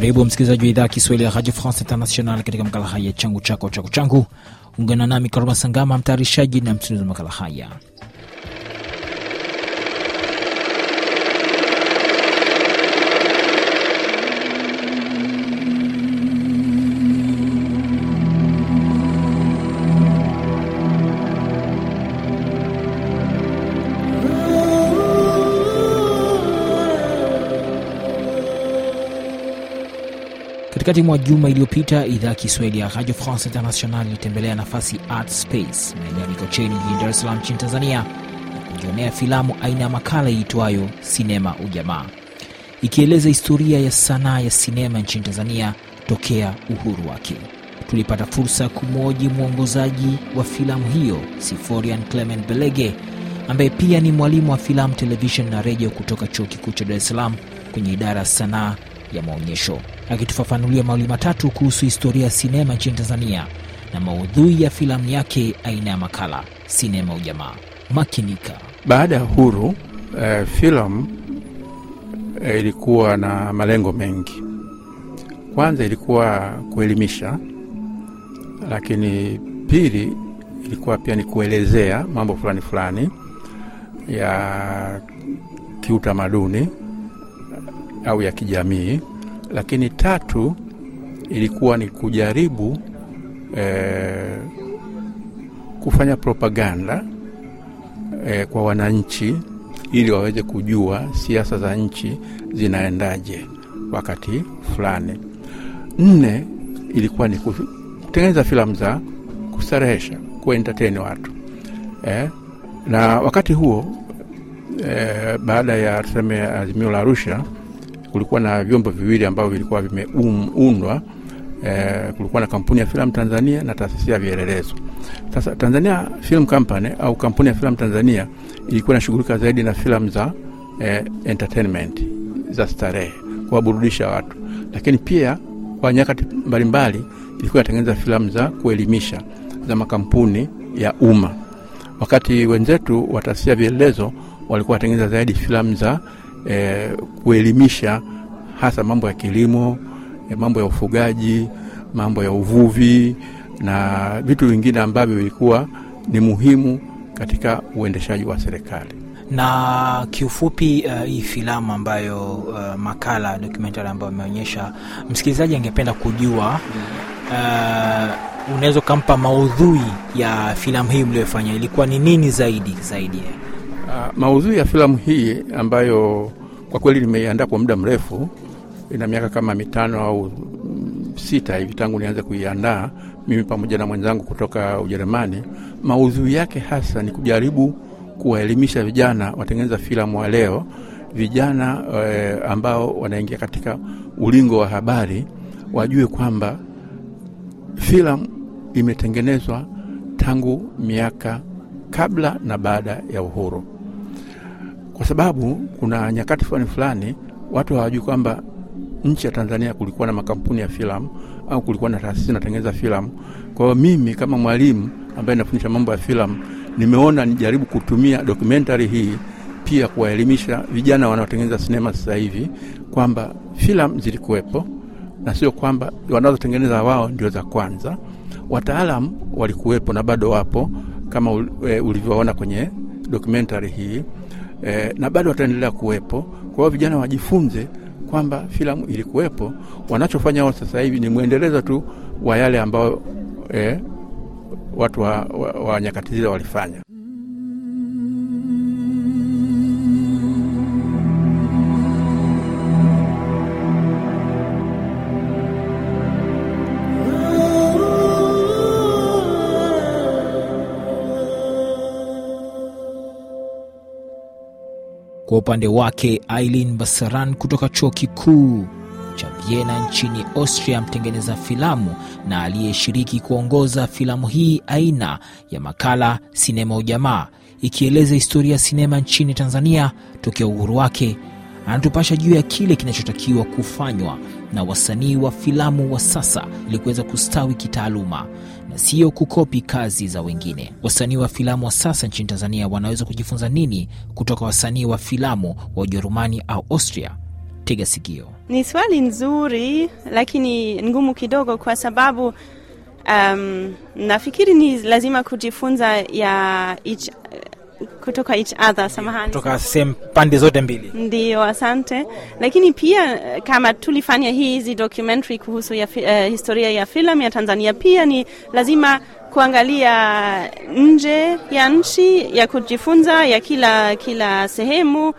Karibu msikilizaji wa idhaa ya Kiswahili ya Radio France International katika makala haya changu chako chako changu. Ungana nami Karuma Sangama, mtayarishaji na msimulizi wa makala haya. Katikati mwa juma iliyopita, idhaa ya Kiswahili ya Radio France International ilitembelea nafasi Art Space maeneo ya Mikocheni jijini Dar es Salaam nchini Tanzania na kujionea filamu aina ya makala iitwayo Sinema Ujamaa, ikieleza historia ya sanaa ya sinema nchini Tanzania tokea uhuru wake. Tulipata fursa ya kumwoji mwongozaji wa filamu hiyo Siforian Clement Belege ambaye pia ni mwalimu wa filamu, television na redio kutoka chuo kikuu cha Dar es Salaam kwenye idara ya sanaa ya maonyesho, akitufafanulia mawili matatu kuhusu historia ya sinema nchini Tanzania na maudhui ya filamu yake aina ya makala Sinema Ujamaa. Makinika. Baada ya huru eh, filamu eh, ilikuwa na malengo mengi. Kwanza ilikuwa kuelimisha, lakini pili ilikuwa pia ni kuelezea mambo fulani fulani ya kiutamaduni au ya kijamii, lakini tatu ilikuwa ni kujaribu eh, kufanya propaganda eh, kwa wananchi ili waweze kujua siasa za nchi zinaendaje wakati fulani. Nne ilikuwa ni kutengeneza filamu za kustarehesha, kuentateni watu eh, na wakati huo eh, baada ya tuseme Azimio la Arusha kulikuwa na vyombo viwili ambavyo vilikuwa vimeundwa e, kulikuwa na kampuni ya filamu Tanzania na taasisi ya vielelezo. Sasa Tanzania Film Company au kampuni ya filamu Tanzania ilikuwa inashughulika zaidi na filamu za e, entertainment za starehe, kuwaburudisha watu, lakini pia kwa nyakati mbalimbali ilikuwa inatengeneza filamu za kuelimisha za makampuni ya umma, wakati wenzetu wa taasisi ya vielelezo walikuwa wanatengeneza zaidi filamu za e, kuelimisha hasa mambo ya kilimo e, mambo ya ufugaji, mambo ya uvuvi na vitu vingine ambavyo vilikuwa ni muhimu katika uendeshaji wa serikali. Na kiufupi, uh, hii filamu ambayo uh, makala dokumentari ambayo ameonyesha, msikilizaji angependa kujua uh, unaweza ukampa maudhui ya filamu hii mliyofanya, ilikuwa ni nini zaidi zaidi? Uh, maudhui ya filamu hii ambayo kwa kweli nimeiandaa kwa muda mrefu, ina miaka kama mitano au sita hivi tangu nianze kuiandaa mimi pamoja na mwenzangu kutoka Ujerumani. Maudhui yake hasa ni kujaribu kuwaelimisha vijana watengeneza filamu wa leo, vijana e, ambao wanaingia katika ulingo wa habari wajue kwamba filamu imetengenezwa tangu miaka kabla na baada ya uhuru kwa sababu kuna nyakati fulani fulani watu hawajui kwamba nchi ya Tanzania kulikuwa na makampuni ya filamu au kulikuwa na taasisi zinatengeneza filamu. Kwa hiyo mimi kama mwalimu ambaye nafundisha mambo ya filamu, nimeona nijaribu kutumia documentary hii pia kuwaelimisha vijana wanaotengeneza sinema sasa hivi kwamba filamu zilikuwepo na sio kwamba wanazotengeneza wao ndio za kwanza. Wataalamu walikuwepo na bado wapo kama eh, ulivyoona kwenye documentary hii e, na bado wataendelea kuwepo. Kwa hiyo vijana wajifunze kwamba filamu ilikuwepo. Wanachofanya wao sasa hivi ni mwendelezo tu wa yale ambayo e, watu wa, wa, wa nyakati zile walifanya. upande wake, Aileen Basaran kutoka chuo kikuu cha Vienna nchini Austria, mtengeneza filamu na aliyeshiriki kuongoza filamu hii aina ya makala Sinema Ujamaa, ikieleza historia ya sinema nchini Tanzania tokea uhuru wake, anatupasha juu ya kile kinachotakiwa kufanywa na wasanii wa filamu wa sasa ili kuweza kustawi kitaaluma na sio kukopi kazi za wengine. Wasanii wa filamu wa sasa nchini Tanzania wanaweza kujifunza nini kutoka wasanii wa filamu wa Ujerumani au Austria? Tega sikio. Ni swali nzuri, lakini ngumu kidogo kwa sababu um, nafikiri ni lazima kujifunza ya kutoka each other, samahani, kutoka same pande zote mbili. Ndio, asante. Lakini pia eh, kama tulifanya hizi documentary kuhusu ya, uh, historia ya filamu ya Tanzania, pia ni lazima kuangalia nje ya nchi ya kujifunza ya kila kila sehemu uh,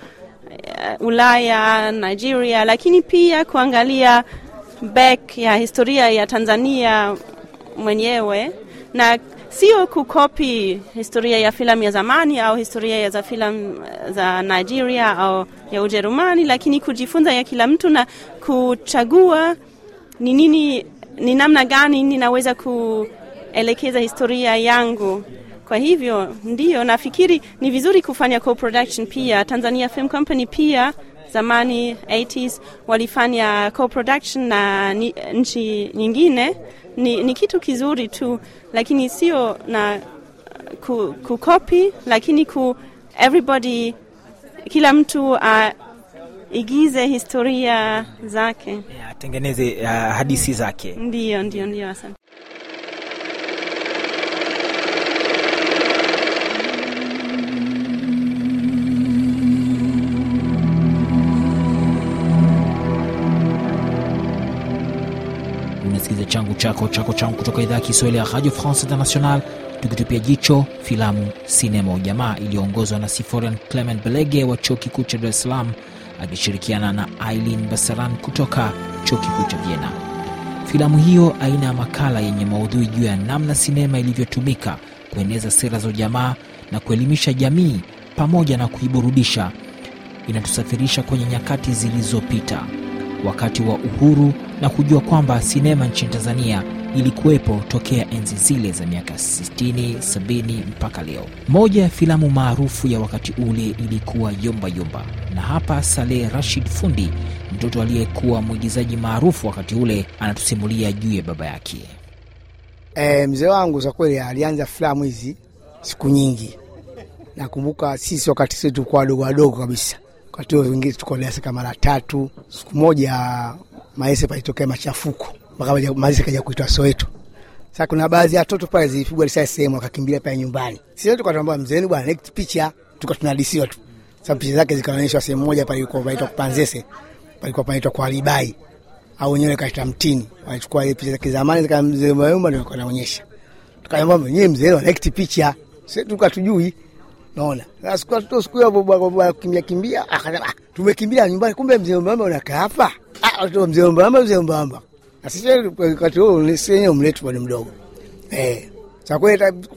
Ulaya, Nigeria, lakini pia kuangalia back ya historia ya Tanzania mwenyewe na sio kukopi historia ya filamu ya zamani au historia za filamu eh, za Nigeria au ya Ujerumani, lakini kujifunza ya kila mtu na kuchagua ni nini, ni namna gani ninaweza kuelekeza historia yangu. Kwa hivyo ndio nafikiri ni vizuri kufanya co-production pia. Tanzania Film Company pia zamani 80s walifanya co-production na nchi nyingine ni, ni kitu kizuri tu, lakini sio na ku, kukopi, lakini ku everybody, kila mtu a, igize historia zake, atengeneze uh, hadithi zake. Ndio, ndio, ndio, asante. chako chako changu kutoka idhaa ya Kiswahili ya Radio France International, tukitupia jicho filamu sinema Ujamaa iliyoongozwa na Siforian Clement Belege wa chuo kikuu cha dares Salaam akishirikiana na ailin Basaran kutoka chuo kikuu cha Vienna. Filamu hiyo aina ya makala yenye maudhui juu ya namna sinema ilivyotumika kueneza sera za ujamaa na kuelimisha jamii pamoja na kuiburudisha, inatusafirisha kwenye nyakati zilizopita wakati wa uhuru na kujua kwamba sinema nchini Tanzania ilikuwepo tokea enzi zile za miaka 60, 70 mpaka leo. Moja ya filamu maarufu ya wakati ule ilikuwa Yomba Yomba, na hapa Saleh Rashid Fundi, mtoto aliyekuwa mwigizaji maarufu wakati ule, anatusimulia juu ya baba yake. E, mzee wangu za kweli alianza filamu hizi siku nyingi. Nakumbuka sisi wakati sisi kwa wadogo wadogo kabisa wakati huo wengine tukoleseka mara tatu. Siku moja Maese palitokea machafuko mpaka Maese kaja kuitwa Soweto. Sasa kuna baadhi ya watoto pale zilipigwa risasi sehemu, wakakimbilia pale nyumbani. Sisi tukatambua mzeni bwana next picha, tunadisiwa tu. Sasa picha zake zikaonyeshwa sehemu moja pale yuko inaitwa Kupanzese, palikuwa panaitwa kwa Libai au wenyewe kaita mtini, walichukua ile picha za kizamani zika mzee ndio kanaonyesha. Tukaambia mwenyewe mzee wa next picha, sisi tukatujui naona siku siku akasema ah, tumekimbia nyumbani, kumbe mzee mbamba unakaa hapa. Ah, mzee mbamba mzee mbamba, na sisi wakati huo bwana mdogo eh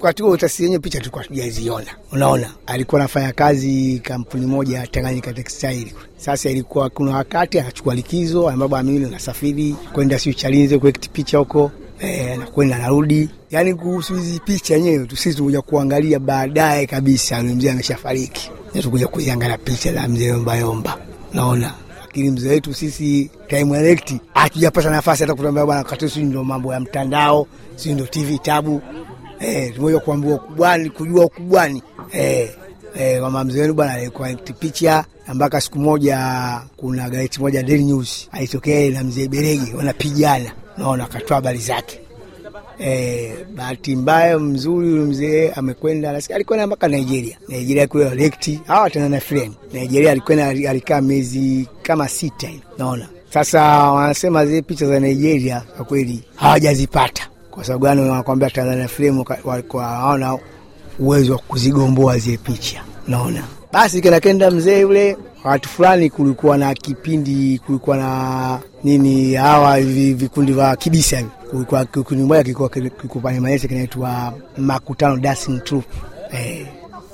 wakati huo picha tulikuwa tujaziona. Unaona, alikuwa anafanya kazi kampuni moja Tanganyika Textile. Sasa ilikuwa kuna wakati anachukua likizo, ambapo nasafiri kwenda si Chalinze kuekti picha huko eh, nakwenda narudi. Yani kuhusu hizi picha yenyewe tu sisi tukuja kuangalia baadaye kabisa, mzee ameshafariki, tukuja kuziangalia picha za mzee yombayomba, naona lakini mzee wetu sisi time elect hatujapata nafasi hata kutambia bwana, kati, sisi ndio mambo ya mtandao, si ndio TV tabu eh, tumoja kuambiwa kubwani, kujua kubwani eh eh, mama mzee wenu bwana alikuwa picha mpaka siku moja, kuna gazeti moja Daily News alitokea na mzee Beregi wanapigana naona akatoa habari zake. E, bahati mbaya mzuri huyu mzee amekwenda, alikwenda mpaka Nigeria. Nigeria kule walekti hawa tena na friend Nigeria, alikwenda alikaa miezi kama sita hivi naona. Sasa wanasema zile picha za Nigeria kwa kweli hawajazipata. Kwa sababu gani? Wanakwambia Tanzania Film walikuwa hawana uwezo wa kuzigomboa zile picha naona basi kanakenda mzee yule, watu fulani kulikuwa na kipindi, kulikuwa na nini, hawa vikundi vya kibisa hivi, kulikuwa kikundi moja kilikuwa kilikuwa pale Malaysia kinaitwa Makutano Dancing Troupe eh.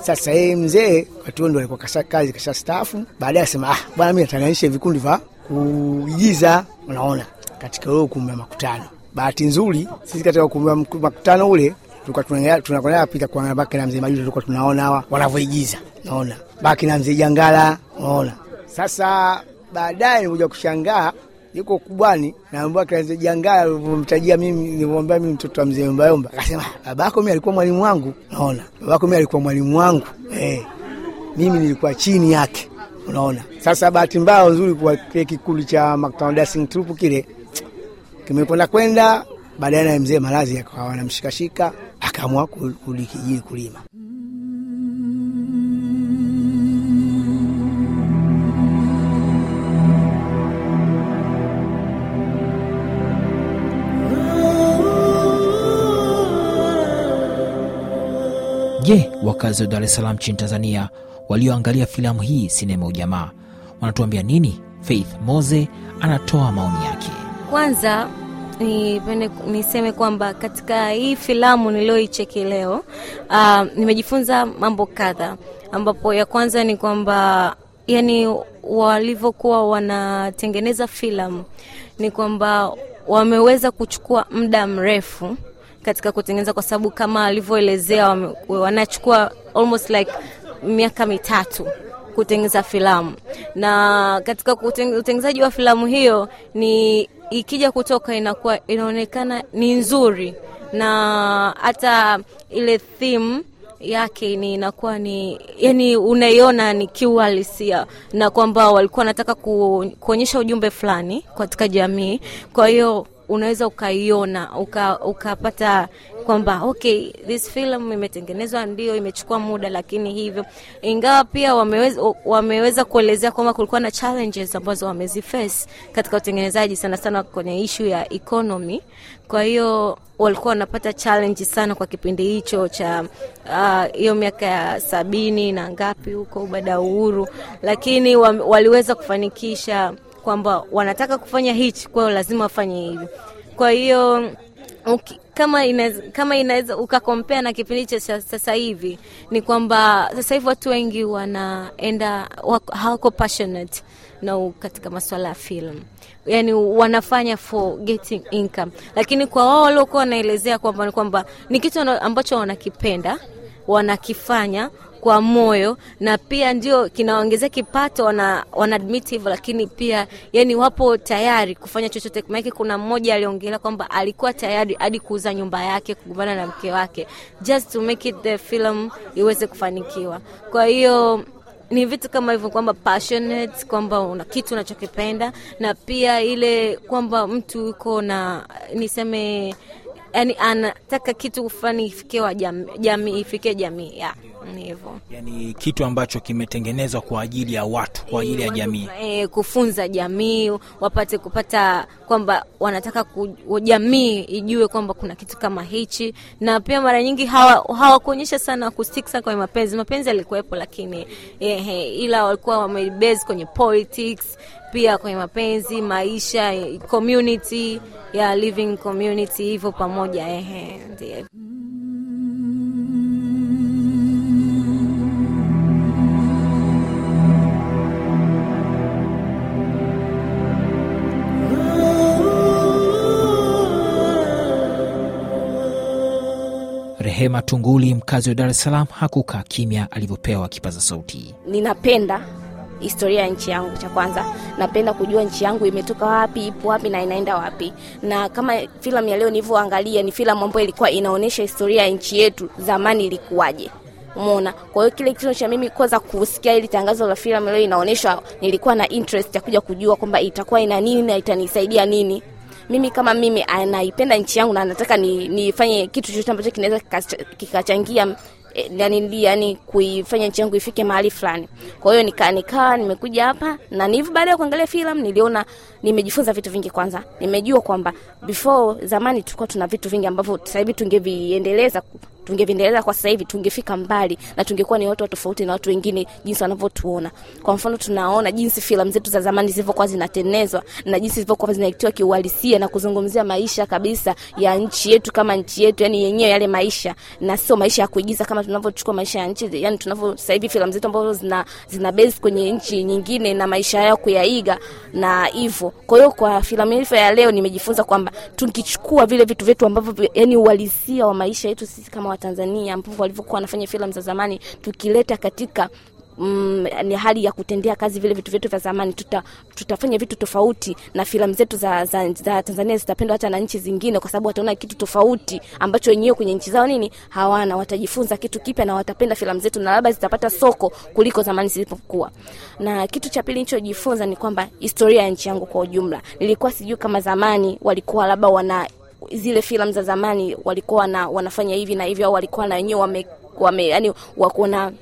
Sasa yeye mzee watu ndo alikuwa kasha kazi kasha staafu, baadaye asema ah, bwana mimi natanganisha vikundi vya kuigiza, unaona, katika huo ukumbi wa makutano. Bahati nzuri sisi katika ukumbi wa makutano ule tunakwenda pita kuangalia baki na mzee Majuto, tulikuwa tunaona hawa wanavyoigiza, naona baki na mzee Jangala, naona sasa. Baadaye nikuja kushangaa yuko kubwani, naambiwa mzee Jangala alivyomtajia mimi, mimi mtoto wa mzee akasema babako mimi alikuwa mwalimu wangu, naona babako mimi alikuwa mwalimu wangu eh, mimi nilikuwa chini yake, unaona. Sasa bahati mbaya nzuri kwa kile kikundi cha Mactown Dancing Troupe kile kimekwenda kwenda, baadaye na mzee Malazi akawa anamshikashika akaamua kulikijili kulima. Je, wakazi wa Dar es Salaam nchini Tanzania walioangalia filamu hii sinema Ujamaa wanatuambia nini? Faith Moze anatoa maoni yake. Kwanza nipende niseme kwamba katika hii filamu niliyoicheki leo uh, nimejifunza mambo kadha, ambapo ya kwanza ni kwamba yani walivyokuwa wanatengeneza filamu ni kwamba wameweza kuchukua muda mrefu katika kutengeneza, kwa sababu kama alivyoelezea wanachukua almost like miaka mitatu kutengeneza filamu, na katika utengenezaji wa filamu hiyo ni ikija kutoka inakuwa inaonekana ni nzuri, na hata ile theme yake ni inakuwa ni yani, unaiona ni kiuhalisia na kwamba walikuwa wanataka kuonyesha ujumbe fulani katika jamii, kwa hiyo unaweza ukaiona ukapata uka kwamba okay, this film imetengenezwa, ndio imechukua muda, lakini hivyo ingawa pia wameweza, wameweza kuelezea kwamba kulikuwa na challenges ambazo wameziface katika utengenezaji, sana sana kwenye ishu ya economy. Kwa hiyo walikuwa wanapata challenge sana kwa kipindi hicho cha uh, hiyo uh, miaka ya sabini na ngapi huko baada ya uhuru, lakini waliweza kufanikisha kwamba wanataka kufanya hichi, kwa hiyo lazima wafanye hivyo. Kwa hiyo kama inaweza kama inaweza ukakompea na kipindi cha sasa hivi, ni kwamba sasa hivi watu wengi wanaenda hawako passionate na katika masuala ya film, yani wanafanya for getting income, lakini kwa wao waliokuwa wanaelezea kwamba ni kwamba ni kitu ambacho wanakipenda wanakifanya kwa moyo, na pia ndio kinaongezea kipato, wana, wana admit hivyo, lakini pia yani wapo tayari kufanya chochote. Maana kuna mmoja aliongelea kwamba alikuwa tayari hadi kuuza nyumba yake kugombana na mke wake just to make it the film iweze kufanikiwa. Kwa hiyo ni vitu kama hivyo kwamba passionate kwamba una kitu unachokipenda na pia ile kwamba mtu yuko na niseme yani anataka kitu fulani jamii, jamii ifike jamii yeah. Ni hivyo, yani kitu ambacho kimetengenezwa kwa ajili ya watu, kwa ajili ya jamii e, kufunza jamii wapate kupata kwamba wanataka ku, jamii ijue kwamba kuna kitu kama hichi, na pia mara nyingi hawakuonyesha hawa sana kustiksa kwenye mapenzi. Mapenzi yalikuwepo, lakini ehe, ila walikuwa wamebase kwenye politics pia kwenye mapenzi, maisha, community ya living community, hivyo pamoja, ehe, ndio. Rema Tunguli, mkazi wa Dar es Salaam, hakukaa kimya alivyopewa kipaza sauti. Ninapenda historia ya nchi yangu. Cha kwanza napenda kujua nchi yangu imetoka wapi, ipo wapi na inaenda wapi, na kama filamu ya leo nilivyoangalia ni filamu ambayo ilikuwa inaonyesha historia ya nchi yetu, zamani ilikuwaje. mona kwa hiyo kile kitendo cha mimi kwanza kusikia ili tangazo la filamu leo inaonyeshwa nilikuwa na interest ya kuja kujua kwamba itakuwa ina nini na itanisaidia nini mimi kama mimi anaipenda ah, nchi yangu na anataka nifanye ni kitu chochote ambacho kinaweza kikachangia eh, yani, yani kuifanya nchi yangu ifike mahali fulani. Kwa hiyo nikaa nikaa nimekuja hapa na nivu, baada ya kuangalia filamu niliona, nimejifunza vitu vingi. Kwanza nimejua kwamba before zamani tulikuwa tuna vitu vingi ambavyo sasa hivi tungeviendeleza tungeviendeleza kwa sasa hivi tungefika mbali na tungekuwa ni watu tofauti na watu wengine jinsi wanavyotuona. Kwa mfano, tunaona jinsi filamu zetu za zamani zilivyokuwa zinatenezwa na jinsi zilivyokuwa zinaitiwa kiuhalisia na kuzungumzia maisha kabisa ya nchi yetu kama nchi yetu, yani yenyewe yale maisha, na sio maisha ya kuigiza kama tunavyochukua maisha ya nchi, yani tunavyo sasa hivi filamu zetu ambazo zina zina base kwenye nchi nyingine na maisha yao kuyaiga na hivyo. Kwa hiyo kwa filamu hiyo ya leo nimejifunza kwamba tukichukua vile vitu vyetu ambavyo yani uhalisia wa maisha yetu sisi kama wa Tanzania ambapo walivyokuwa wanafanya filamu za zamani, tukileta katika Mm, ni hali ya kutendea kazi vile vitu vyetu vya zamani. Tuta, tutafanya vitu tofauti na filamu zetu za, za, za Tanzania zitapendwa hata na nchi zingine, kwa sababu wataona kitu tofauti ambacho wenyewe kwenye nchi zao nini hawana. Watajifunza kitu kipya na watapenda filamu zetu, na labda zitapata soko kuliko zamani zilipokuwa. Na kitu cha pili nilichojifunza ni kwamba historia ya nchi yangu kwa ujumla, nilikuwa sijui kama zamani walikuwa labda wana zile filamu za zamani walikuwa na wanafanya hivi na hivyo, au walikuwa na wenyewe wame, wame yani wako na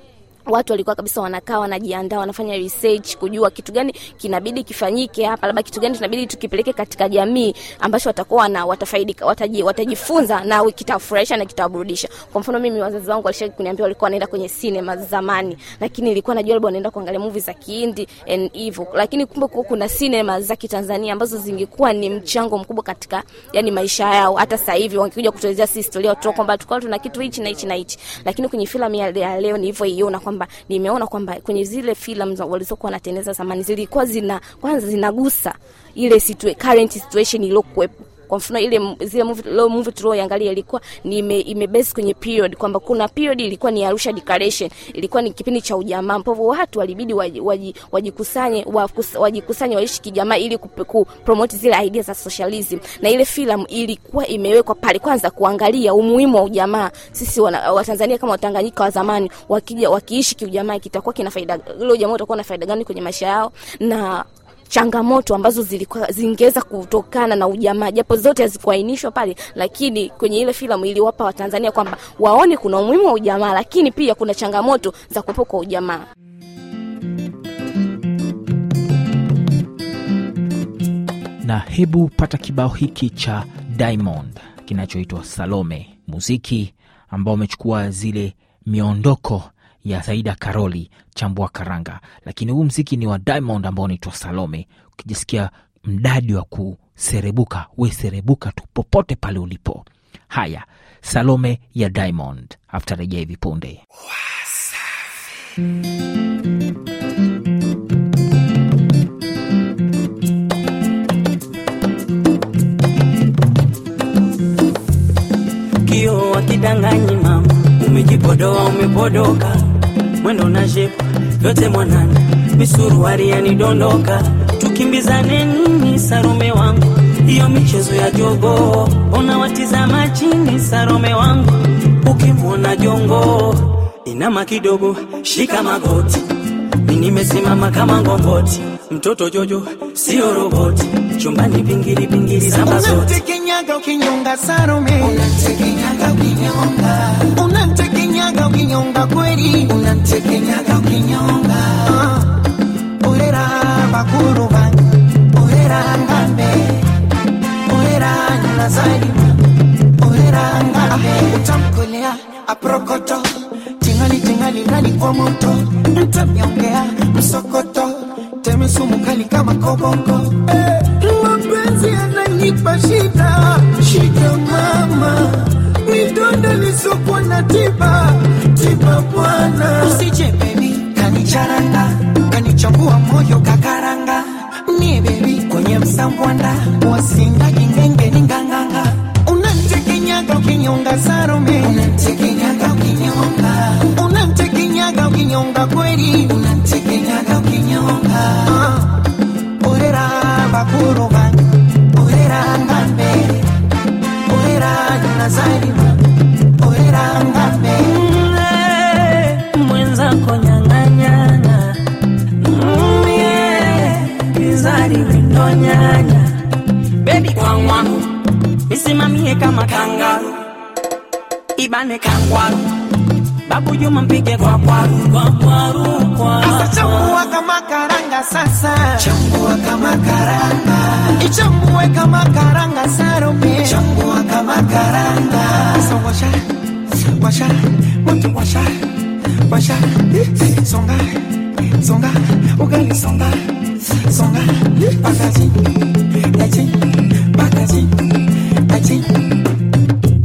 watu walikuwa kabisa wanakaa wanajiandaa, wanafanya research kujua kitu gani kinabidi kifanyike hapa, labda kitu gani tunabidi tukipeleke katika jamii ambacho watakuwa na watafaidika, wataji, watajifunza na kitawafurahisha na kitawaburudisha. Kwa mfano mimi wazazi wangu walishaki kuniambia walikuwa wanaenda kwenye sinema zamani, lakini ilikuwa najua labda wanaenda kuangalia movie za Kihindi and hivyo, lakini kumbe kwa kuna sinema za Kitanzania ambazo zingekuwa ni mchango mkubwa katika yani maisha yao. Hata sasa hivi wangekuja kutuelezea sisi historia watoto kwamba tulikuwa tuna kitu hichi na hichi na hichi, lakini kwenye filamu ya leo ni hivyo nilivyoiona kwamba kwamba nimeona kwamba kwenye zile filamu walizokuwa wanatengeneza zamani zilikuwa zina kwanza zinagusa ile situa current situation iliyokuwepo kwa mfano ile zile movie low movie tulioiangalia ilikuwa ni ime, imebase kwenye period kwamba kuna period ilikuwa ni Arusha Declaration, ilikuwa ni kipindi cha ujamaa. Mpovu watu walibidi wajikusanye wajikusanye waishi kijamaa ili kupromote zile ideas za socialism, na ile filamu ilikuwa imewekwa pale kwanza kuangalia umuhimu wa ujamaa. Sisi Watanzania kama Watanganyika wa zamani wakija wakiishi kiujamaa kitakuwa kina faida, ile ujamaa utakuwa na faida gani kwenye maisha yao na changamoto ambazo zilikuwa zingeweza kutokana na ujamaa, japo zote hazikuainishwa pale, lakini kwenye ile filamu iliwapa Watanzania kwamba waone kuna umuhimu wa ujamaa, lakini pia kuna changamoto za kuwepo kwa ujamaa. Na hebu pata kibao hiki cha Diamond kinachoitwa Salome, muziki ambao umechukua zile miondoko ya Zaida Karoli chambua karanga, lakini huu mziki ni wa Diamond ambao unaitwa Salome. Ukijisikia mdadi wa kuserebuka, we serebuka tu popote pale ulipo. Haya, Salome ya Diamond, aftarejea hivi punde. Kio wakidanganyi mama, umejipodoa umepodoka mwendo na jepu vyote mwanana, misuruari yanidondoka, tukimbizane nini Sarome wangu, hiyo michezo ya jogo ona watizama chini Sarome wangu, ukimwona jongo inama kidogo, shika magoti, minimesimama kama ngomboti mtoto jojo sio roboti, chumbani pingiri pingiri samba zote gaukinyonga kweri unanchekenya gaukinyonga uh, urera bakuru banje urera ngambe urera nazari urera ngambe ah, utamkolea aprokoto tingali tingali ndani kwa moto ntamnyongea msokoto temesumu kali kama koboko hey, eh, mapenzi yananipa shida shida mama midonda lisokuwa na tiba Tiba Bwana, usichepe kwaru ibane kakwaru babu yuma mpige kwa kwaru kwa kwaru kwa sasa chambua kama karanga sasa chambua kama karanga ichambue kama karanga sarupi chambua kama karanga sasa washa washa watu washa washa songa songa ugali songa songa pakaji yachi pakaji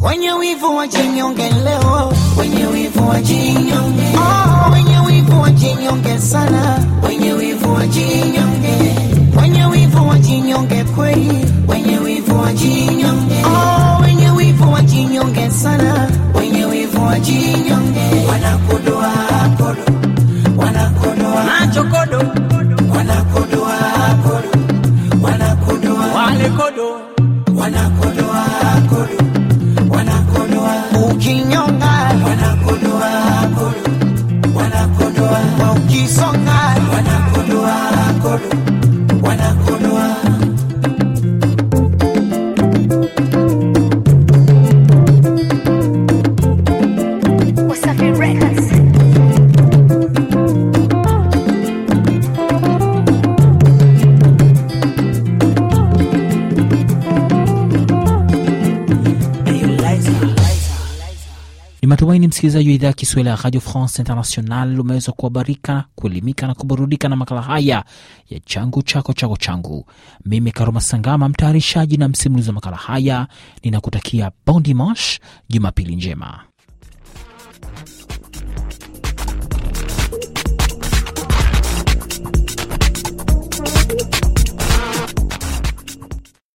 Wenye wivu wajinyonge leo, wenye wivu wajinyonge, oh, ah, wenye wivu wajinyonge sana, wenye wivu wajinyonge Natumaini msikilizaji wa idhaa ya Kiswahili ya Radio France International umeweza kuhabarika, kuelimika na kuburudika na makala haya ya changu chako chako changu. Mimi karoma Sangama, mtayarishaji na msimulizi wa makala haya, ninakutakia bon dimanche, Jumapili njema.